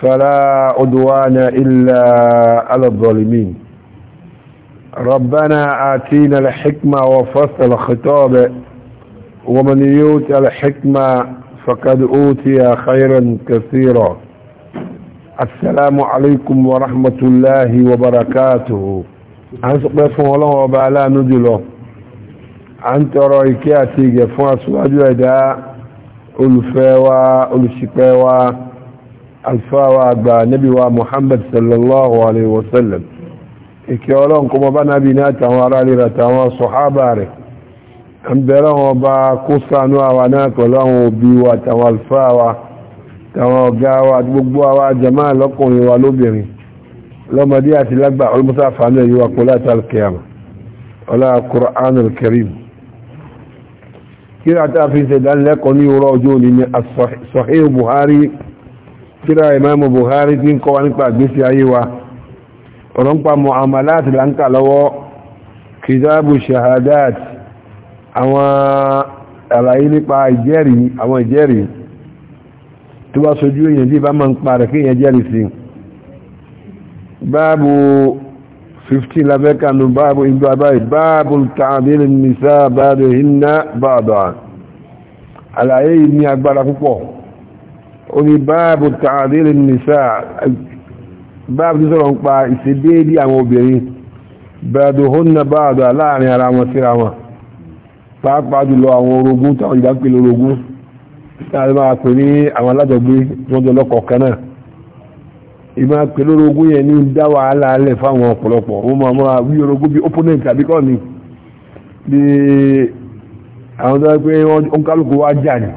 فلا عدوان إلا على الظالمين ربنا آتينا الحكمة وفصل الخطاب ومن يوت الحكمة فقد أوتي خيرا كثيرا السلام عليكم ورحمة الله وبركاته أنسق فون الله وبعلا نجلو أنت رأيك أتيك فون أسواجه دا ألفوا ألشقوا alfawa àgbà nabi wa muhammad sallallahu alaihi wasallam ìkẹ́ ọlọ́run kó mọ́ bá nábi ní àtàwọn ará ríra àtàwọn sọ̀hábà rẹ̀ ń bẹ̀rẹ̀ wọn bá kó sánú àwa náà pẹ̀lú àwọn òbí wa àtàwọn alfawa àtàwọn ọ̀gá wa gbogbo àwa jama lọ́kùnrin wa lóbìnrin lọ́mọdé àti lágbà olùmọ́sá fàánù ẹ̀yí wa kó láti alkiyama ọlá qur'an alkarim kí ni àtàfin ṣe dánilẹ́kọ̀ọ́ ní òwúrọ̀ ọjọ́ òní ní sahih buhari tíra ìmáàmù Buhari tí ń kọ́ wa nípa àgbésí ayé wa ọ̀rọ̀ ń pa muamalat là ń lọ́wọ́ kìtàbù shahadat àwọn àlàyé nípa ìjẹ́rìí àwọn ìjẹ́rìí tó bá sojú èèyàn bí bá máa ń pa rẹ̀ kí èèyàn jẹ́rìí sí báàbù 15 labẹ́kanu báàbù ìgbà báyìí báàbù tààbílì oní báàbù tààdìrì nìsá báàbù tí sọ́rọ̀ ń pa ìṣedéédé àwọn obìnrin bẹ̀rẹ̀dù hónà báàdà láàrin ara wọn síra wọn pàápàá jùlọ àwọn orogún táwọn ìdá pèlè orogún láti máa pè ní àwọn alájọgbé wọ́n jọ lọ́kọ̀ kan náà ìmá pèlè orogún yẹn ní dá wàhálà alẹ̀ fáwọn ọ̀pọ̀lọpọ̀ wọ́n máa máa wí orogún bí opponent àbí kọ́ bí àwọn tó wá pé wọ́n kálukú wá jà ní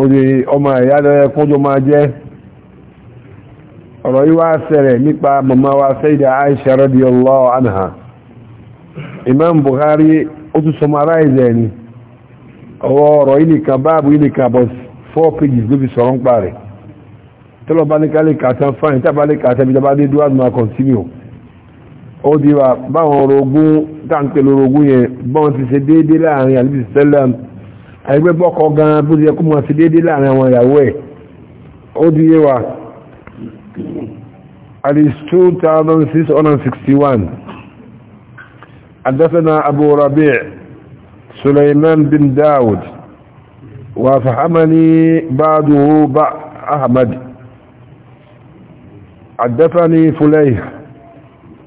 orí ọmọ ẹ̀yà lọ́yẹ kójọ máa jẹ́ ọ̀rọ̀ yíwá sẹ̀rẹ̀ nípa màmá wa Sayyida Aisha radiyallahu anha Imam Bukhari ó tún summarize ẹni ọwọ́ ọ̀rọ̀ ìlìkà báàbù ìlìkà bọ̀ 4 pages ló sọ̀rọ̀ ń parẹ̀ ma ẹgbẹ́ bọ́kọ gan bó ti yẹ kó máa fi déédéé láàrin àwọn ìyàwó ẹ̀ ó di yé wa àdìs 2661 àdásánà Abu Rabi' Sulaiman bin Dawud وفهمني بعده بع أحمد حدثني فليه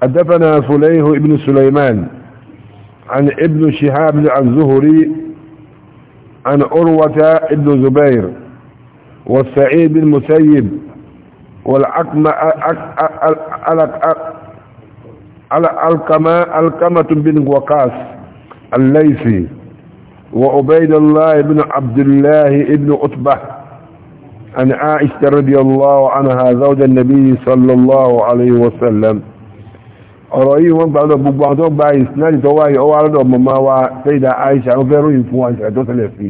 حدثنا فليه ابن سليمان عن ابن شهاب عن زهري عن عروة ابن زبير والسعيد بن مسيب والعقمة القمة القمة بن وقاص الليثي وعبيد الله بن عبد الله بن عتبة عن عائشة رضي الله عنها زوج النبي صلى الله عليه وسلم ọ̀rọ̀ yìí wọ́n gbàdọ̀ gbogbo àwọn tó gba ìsinájì tó wáyé ọwọ́ alọ́dọ̀ mọ̀má wa Sayyida Aisha ó fẹ́rù ìfún wa ìṣẹ̀lẹ̀ tó ṣẹlẹ̀ sí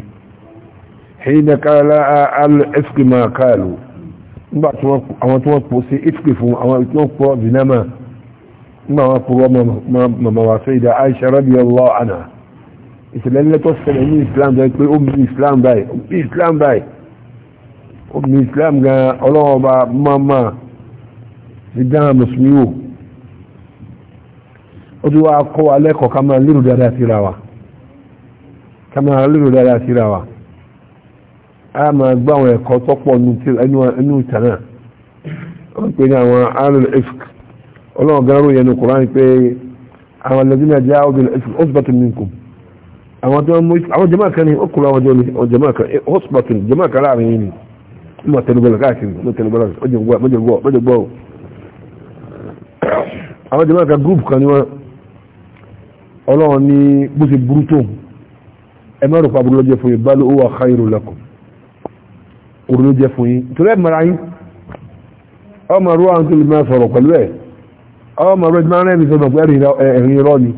ṣíyína káàlá al-ifki ma káàlù nígbà àwọn tí wọ́n pọ̀ sí ifki fún àwọn tí wọ́n pọ̀ zinama nígbà wọn wò ó ti wá kọ́ wa lẹ́kọ̀ọ́ kama a máa gbọ́ àwọn ẹ̀kọ́ tọ́pọ̀ pe ní àwọn alul ifk ọlọ́run gan ròyìn ẹnu kùránì pé àwọn alladhina ja'u bil ifk usbatun minkum àwọn tó ń mú àwọn kan ní ọkùnrin àwọn jẹ́ ní jẹ́mà kan usbatun kan ni mo mo kan group kan ni ọlọ́run ní bó ṣe burú tó ẹ má rò pa burú ló jẹ́ fún yín bal huwa khairu lakum burú ló jẹ́ fún yín torí ẹ̀ mara yín ọmọ rú àwọn tó lè máa sọ̀rọ̀ pẹ̀lú ẹ̀ ọmọ rú ẹ̀dínmá rẹ̀ mi sọ̀rọ̀ pẹ̀lú ẹ̀rín irọ́ ni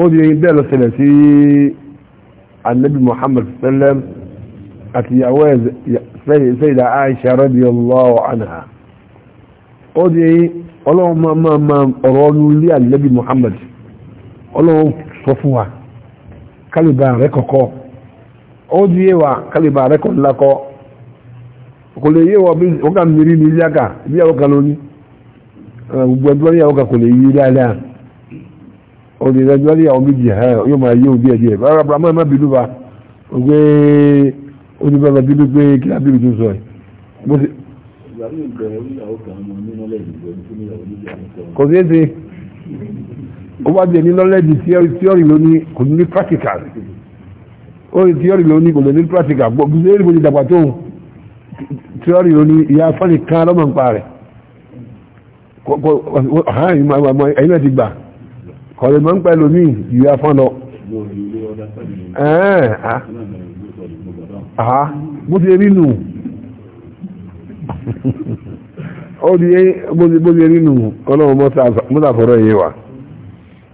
ó di ẹyin bẹ́ẹ̀ lọ ṣẹlẹ̀ sí anabi muhammad sallam àti ìyàwó ẹ̀ sayyida aisha radiyallahu anha ó di ẹyin ọlọ́run máa máa ọ̀rọ̀ ọlú ilé anabi muhammad ọlọ́wọ́ sọ fún wa kálíbà rẹ̀ kọ̀kọ́ ó di yé wa kálíbà rẹ̀ kọ̀ ńlákọ́ kò lè yé wa bí mìírí ní ilé bí àwọn kan lóní gbogbo ẹgbẹ́ ní àwọn kan kò lè dáadáa ó ní àwọn méjì ẹ̀ yóò máa yé òbí má bínú ba gbé ó wá di ẹni lọ́lẹ́dì theory theory lóní kò ní practical ó ní theory lóní kò ní practical gbogbo ẹni mo ti dàgbà tó theory lóní ìyá fọ́nì kan lọ́mọ nípa rẹ̀ ẹ̀yìn náà ti gbà kọ̀lẹ̀ mọ́ ń pẹ́ lómi ìyá fọ́n lọ. bó ti rí nù ó di bó ti rí nù ọlọ́run mọ́ta fọ́rọ̀ yé wa.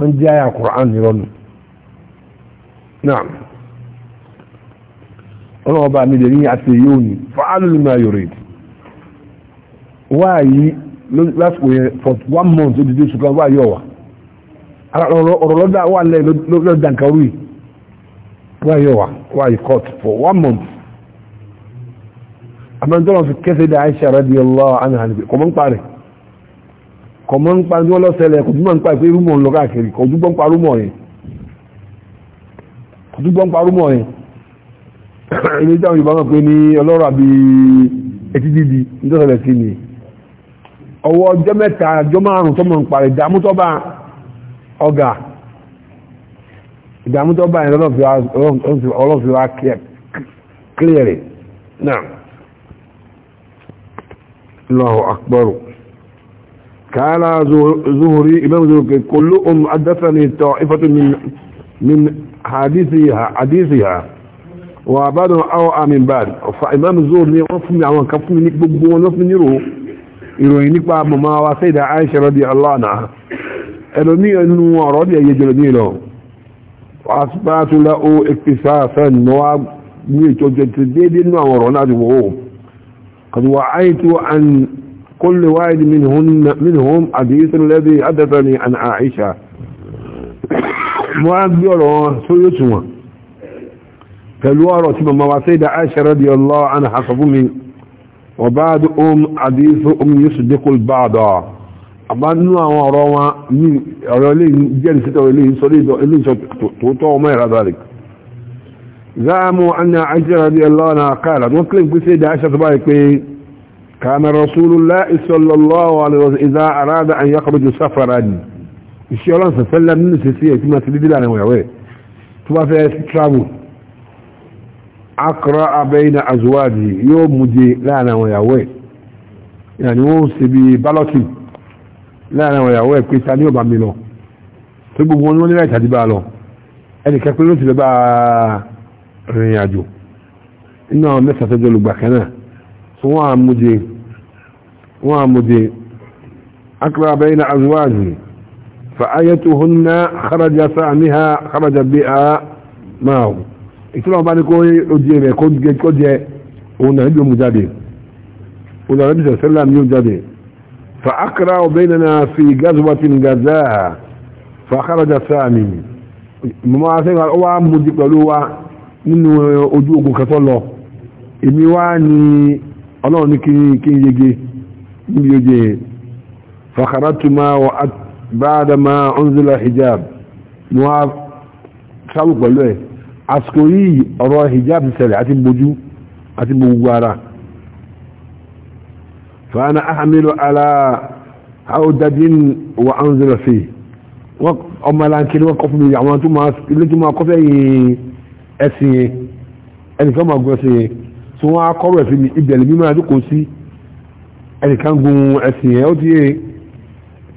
wọ́n jẹ́ àyà Qur'an nìrọ̀nù náà ọlọ́wọ́ bá mi lè ní àti èyí òní fa'alu lima yurid wáyé lásìkò yẹn for one month ó dìde ṣùgbọ́n wáyé ọ̀wà ọ̀rọ̀ lọ́dà wà lẹ́ lọ́dà nǹkan rú wáyé ọ̀wà wáyé court for one month àmọ́ ìjọba fi kẹsẹ̀ dá Aisha radiyallahu anha kò mọ́ ń parẹ́ kọ̀ mọ́ ń pa ní ọlọ́sẹ̀lẹ̀ kò túnbọ̀ ń pa ìpé rúmọ̀ lọ káàkiri kò túnbọ̀ ń pa rúmọ̀ yẹn kò túnbọ̀ ń pa rúmọ̀ yẹn ilé ìjáwọn Yorùbá náà pé ní ọlọ́rọ̀ àbí etí dídi nítọ́sẹ̀lẹ̀ sí ni ọwọ́ ọjọ́ mẹ́ta ọjọ́ márùn tó mọ̀ ń parí ìdààmú ọgà ìdààmú tó ọlọ́fi wa clear it now Allahu akbar قال زهري إمام زهري كلهم حدثني طائفة من من حديثها حديثها وبعد أو من بعد فإمام زهري وفمي عوان كفمي نكبب ونفمي نرو ìròyìn nípa mọ̀mọ́ wa sẹ́dà Aisha rọ́dí aláàna ẹlòmí ẹnu ọ̀rọ̀ bí ẹyẹ jẹ́ lónìí lọ asipatula o ìpèsè àfẹ́n ní wá ní ìtọ́jẹ́ ti déédéé nínú àwọn ọ̀rọ̀ náà ti wọ́ kàtíwà àìtó كل واحد منهن منهم حديث الذي حدثني عن عائشة وأبيره سيسوى فالوارة ثم مواسيد عائشة رضي الله عنها حصفهم وبعد أم حديث أم يصدق البعض أما أنه وروى من أولين جلسة وليه صليد وليه توتو غير ذلك زعموا أن عائشة رضي الله عنها قالت وكلم بسيد عائشة تبارك كان رسول الله صلى الله عليه وسلم إذا أراد أن يخرج سفرا الشيء الله صلى الله عليه وسلم كما تبدل لنا ويعوي تبقى في ترابو أقرأ بين أزواجه يوم مجي لنا أنا ويعوي يعني وصي ببالوتي لا أنا ويعوي كيسان يوم عميلو تبقى ونوني ما يتعدبالو أني كاكولوتي ببا رنياجو إنه مسا تجلو بكناه wọ́n na wọ́n àmúje akra bayna azwaji fa'ayatuhunna kharaja ha kharaja bi'a máa ìtura ọba ní kó ojú rẹ̀ kó jẹ òun náà níbi òmùjáde òun náà ni sẹ̀sẹ̀lá ní fa akara baynana fi na gazaha fa'kharaja sa'mi mọ́ asẹ́gbà ó wá mú di pẹ̀lú wa nínú ojú ogun kẹtọ́ lọ èmi wá ní ọlọ́run ní kí n yege níbi yege yẹn fàkàràtù máa wà báadà máa ọ̀nzílà hijab ní wọ́n sáwù pẹ̀lú ẹ̀ àsìkò yìí ọ̀rọ̀ hijab ṣẹlẹ̀ àti bojú àti gbogbo ara fàánà ahamilu ala haudadin wa ọ̀nzílà fi wọ́n ọmọ aláǹkiri wọ́n kọ́ fún mi àwọn tó máa ilé yìí ẹ̀sìn yẹn ẹnìkan tí wọ́n á kọ́rọ̀ ẹ̀fí mi ibẹ̀lẹ̀ mímọ́ àdúkò sí ẹnìkan gun ẹ̀sìn ẹ̀ ó ti yé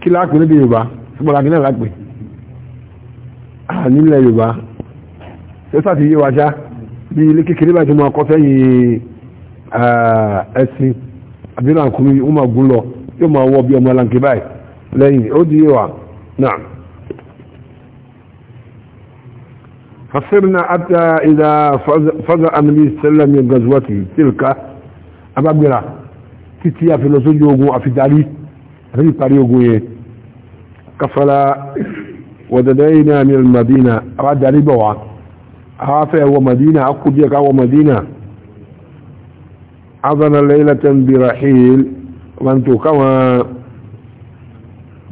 kí láàpẹ̀ níbi yorùbá ṣùgbọ́n àgbẹ̀ náà láàpẹ̀ nílẹ̀ yorùbá ṣé sáà ti yé wa já bí ilé kékeré báyìí tó máa kọ́ sẹ́yìn ẹ̀sìn àbí náà kùnú ó máa gún lọ yóò máa wọ́ bí ọmọ aláǹkẹ́ báyìí lẹ́yìn ó ti yé wa náà. فصرنا حتى إذا فضع النبي صلى الله عليه وسلم من غزوته تلك أبا بيرا تتيا في لسجي وقوع في داري في طريق وقوع كفلا وددينا من المدينة أراد داري بوا هافع ومدينة أقود يكا ومدينة أظن ليلة برحيل وانتو كما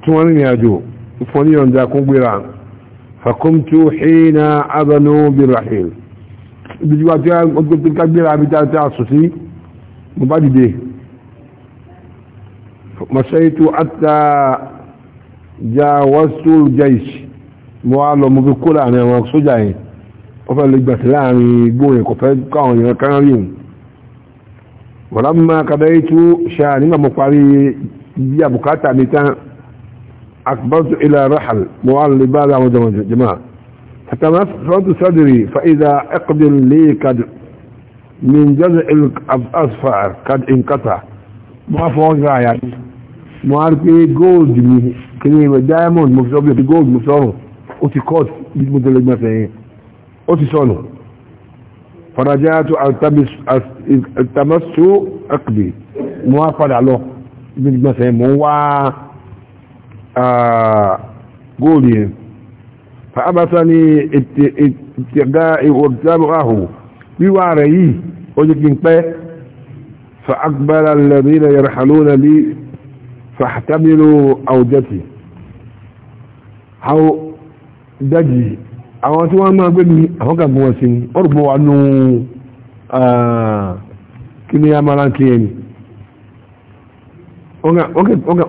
توني يا جو فوني يونجا كون فقمت حين أبنوا بالرحيل بجواتي قلت الكبير عبد تعصصي مبادي مشيت حتى جاوزت الجيش موالو مبكول أنا مقصودي وفل بسلامي بوني كفل كون كان يوم ولما قضيت شاني مقاري بيا بكاتا ميتان أقبلت إلى رحل معال لبالة وجماعة حتى نفرت صدري فإذا أقبل لي قد من جزء الأصفار قد انقطع ما فوقع يعني معارفة جولد كلمة دايموند مفسوبة جولد مفسوبة أتي كوت مدلج مثلا أتي صنو فرجعت التمس التمس أقدي موافق على الله مثلا مو góòlù yẹn fàábátá ní ìtẹ̀gá ìwọ̀gbáwọ̀ wíwá rẹ̀ yìí ó jẹ́ kí n pẹ́ fàágbára lẹ́rìnà yarhaluna lí fàtàmìlò àwùjẹ́tì àwọn dájì àwọn tí wọ́n máa gbé ní àwọn kàgbọ́n wọn sí ọ̀rùgbọ́n wa nù kí ni a máa ránkí ẹni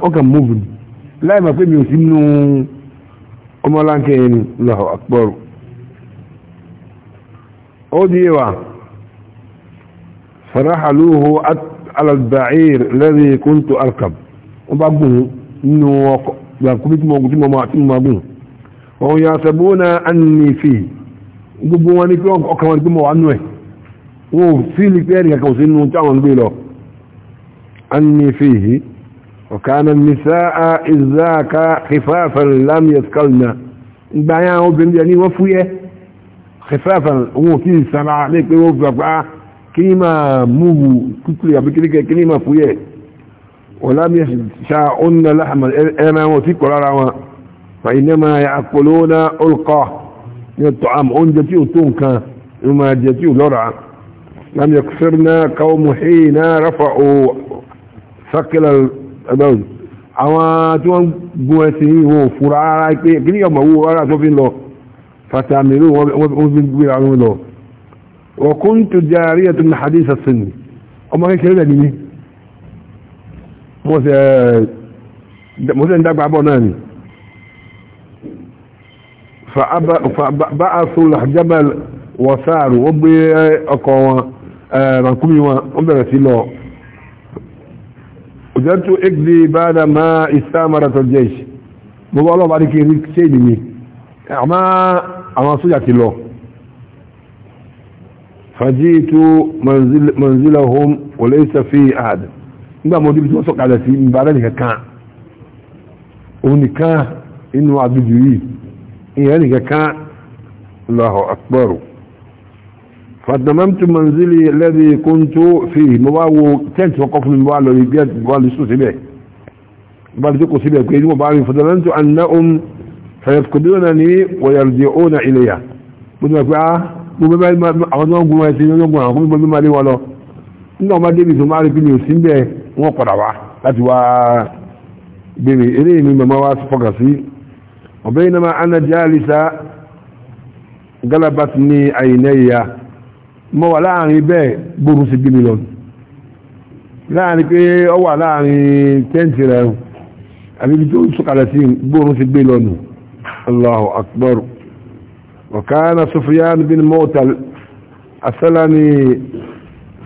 ọkà mọ́bìnrin láì mọ̀ pé mi ò sí nú ọmọláńkẹ́ ẹni lọ́wọ́ àpọ̀rù ó di wà farahaluhu alàgbàáyìr lẹ́rẹ̀ kóńtò alkab wọ́n bá gùn nínú ọkọ̀ gbàkúbí tí mo gùn tí mo máa tí mo máa gùn wọ́n yà sẹ́bú náà á ní fi gbogbo wọn ní pé ọkàn wọn ní pé mo wà nù ẹ̀ wọ́n ò sí ní pé ẹ̀rì kankan ò sí nù táwọn gbé lọ á ní fi yìí وكان النساء إذاك خفافا لم يثقلن بيان وبن يعني وفوية خفافا هو كي سمع عليك وفوية كلمة مو كتلي يعني بكلك كلمة فوية ولم يشاءن لحم الإمام وفيك ولا روا فإنما يأكلون ألقى الطعام أن جتي أتونك وما جتي لرعا لم يكسرنا قوم حين رفعوا ثقل ẹgbẹ́rún àwọn tí wọ́n gún ẹsìn yìí fatamiru fi gbé hadith ọmọ kékeré rẹ̀ nìyí sẹ́ ń náà ni wọ́n gbé ọkọ̀ rankumi wọn bẹ̀rẹ̀ قدرت اجلي بعد ما استامرت الجيش gbogbo ọlọ́ba ní kí n rí ṣéèdì mi àmá àwọn sójà ti lọ fàjíìtú manzilahum walaysa fi àd nígbà mọ́ díbi tí wọ́n sọ̀kalẹ̀ sí ìbára nìkan kan òun nìkan inú àdújú yìí ìyẹn nìkan kan فاتممت منزلي الذي كنت فيه مباو تنت وقف من مبالو يبيد مبالو يسو سبيه مبالو يقو سبيه كيدي مبالو فظننت أنهم سيفقدونني ويرجعون إليها بدنا كوا مبالو أولا نقوم يسين ونقوم نقوم نقوم نقوم نقوم نقوم nínú ọmọ débi tó máa rí bí mi ò sí bẹ́ẹ̀ wọ́n padà wá láti wá bèèrè eré mi mọ̀mọ́ wá fọ́kà mọ́ wà láàrin bẹ́ẹ̀ gbóòrùn sí gbé mi lọ láàrin pé ọ wà láàrin tẹ́ǹtì rẹ̀ àbíbi tó sọ̀kalẹ̀ sí gbóòrùn sí gbé lọ́nu Allahu akbar wa kana Sufyan bin Mu'tal asalani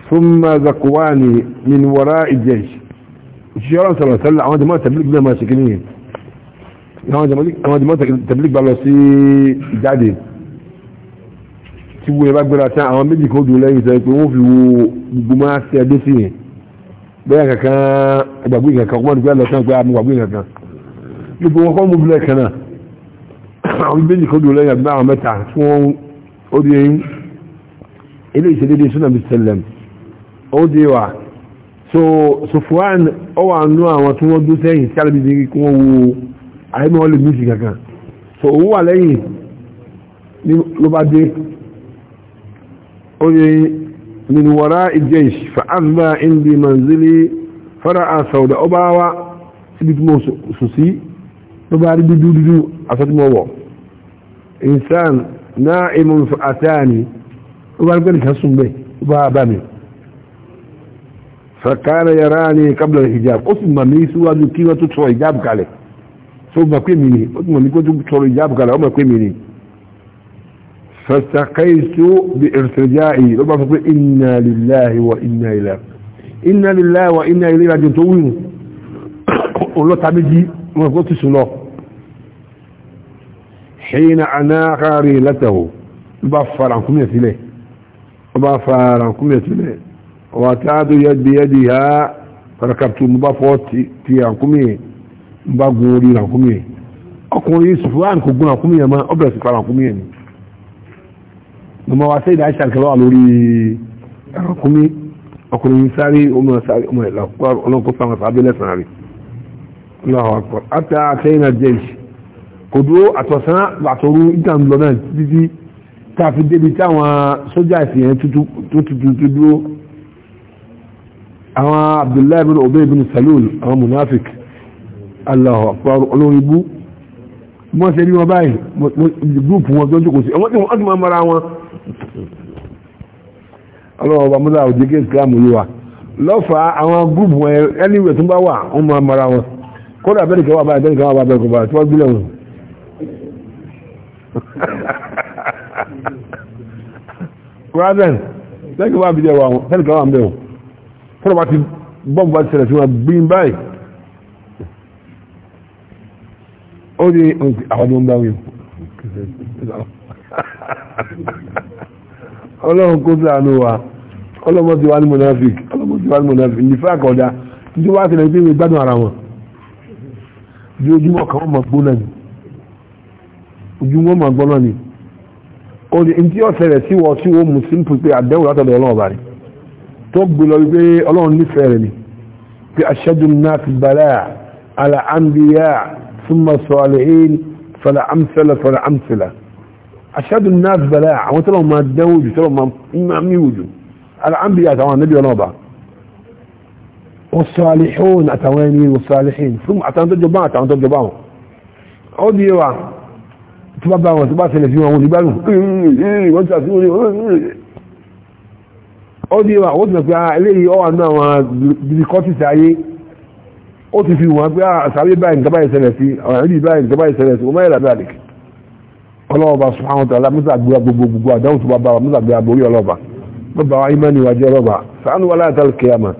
thumma zakwani min wara'i jaysh òṣìṣẹ́ ọ̀rọ̀ sọ̀rọ̀ sẹ́lẹ̀ àwọn jẹmọ́ tẹ̀blík bí lọ sí ìjáde tí wo ẹ bá gbéra tán àwọn méjì kan dùn lẹ́yìn sọ pé wọ́n fi wo gbogbo máa ṣe ẹdẹ sí yẹn bẹ́ẹ̀ kankan ìgbàgbé kankan wọ́n dùgbà lọ sàn pé àmì ìgbàgbé kankan gbogbo wọn kọ́ mú bilẹ̀ kan náà àwọn méjì kan dùn lẹ́yìn àgbà àwọn mẹ́ta tí wọ́n ó di eyín ilé ìṣèdédé súnà mi sẹlẹm ó di wa so sofuwan ó wà nú àwọn tí wọ́n dún sẹ́yìn tí alábìbí kí wọ́n wo àyẹ̀mọ́ so òun wà lẹ́yìn ló bá dé قل من وراء الجيش فأذبى عندي منزلي فرأى سوداء أباوة سبت موسوسي فباري دودو دودو أسد موو إنسان نائم فأتاني وباري بني حسن به وبابامي فكان يراني قبل الحجاب أسمى ميسوا ذكي وتتروا حجابك عليه ثم كميني أسمى ميسوا تتروا حجابك عليه أما كميني فاستقيت بارتجائي لو بقول انا لله وانا اليه انا لله وانا اليه راجع توين ولو تابجي ما قلت شنو حين انا قريلته بفر عنكم يتله بفر عنكم يتله وتعد يد بيدها فركبت مبفوت في عنكم بغوري عنكم اكون يسفان كغنا عنكم يا ما ابرس عنكم يعني mọ̀mọ́ wa sẹ́yìn àṣà kan wà lórí ẹ̀rọ̀kúnmí ọkùnrin sáré ọmọ sáré ọmọ ìlà ọlọ́kọ́ fáwọn sábẹ́ lẹ́sàn rẹ̀ lọ́wọ́ akọ àti àtẹ́yìn àjẹ́jì kò dúró àtọ̀sán àtọ̀rú ìtàn lọ náà títí tá a fi débi táwọn sójà ìfìyàn tó tutù dúró àwọn abdullahi bin obey bin salul àwọn munafik aláwọ̀ akpọ̀rọ̀ olórin ibú wọ́n ṣe rí wọn báyìí gúùpù wọn tó ń sí ọmọ tí wọ́n mara wọn ọlọ́wọ́ ọba mọ́lá òjèké ìsìlámù yíwa lọ́fà àwọn gúrùpù wọn ẹlẹ́wẹ̀ tó bá wà wọ́n máa mara wọn kódà abẹ́rẹ́ kẹwàá báyìí abẹ́rẹ́ kẹwàá báyìí kọ̀ọ̀bá tí wọ́n gbílẹ̀ wọn kúrádẹ́n lẹ́kẹ̀ wá bídẹ̀ wà wọn tẹ́lẹ̀ kẹwàá bẹ̀rẹ̀ kódà bá ti bọ́m bá ti ṣẹlẹ̀ sí wọn bí báyìí ó ní àwọn ọmọ bá wọn ọlọ́run kó sàánú wa ọlọ́mọ ti wá ní monafik ọlọ́mọ ti wá ní monafik nífẹ́ àkọ́dá títí wá sílẹ̀ pé wọ́n gbádùn ara wọn bí ojúmọ́ kan wọ́n mọ̀ gbóná ni ojúmọ́ mọ̀ gbóná ni ó ní ní tí ó ṣẹlẹ̀ sí wọ́n tí wọ́n mú simple pé àdéhùn látọ̀dọ̀ ọlọ́run bá rí tó gbé lọ wípé ọlọ́run nífẹ̀ẹ́ rẹ̀ ni pé ashadu nnas balaa ala anbiya thumma salihin fala amsala fala amsala aṣáájú náà bẹ̀rẹ̀ àwọn tí wọ́n máa dẹ́wò jù tí wọ́n máa míwò jù alámbíyà àtàwọn anábì ọlọ́ọ̀bà wasalihun àtàwọn ẹni wasalihin fún àtàwọn tó jọba àtàwọn tó jọba wọn ó di wa tí bá bá wọn tó bá ṣẹlẹ̀ sí wọn nígbà wọn tà sí wọn ó di wa ó ti mọ̀ pé ah, eléyìí ọwà náà wọn difficulties ayé ó ti fi ọlọ́ọ̀bá subhanahu wa ta'ala mọ́sàgbéra gbogbo gbogbo àdáhùn tó bá bá wa mọ́sàgbéra borí ọlọ́ọ̀bá bọ́bá wa imani wa jẹ́ ọlọ́ọ̀bá sàánú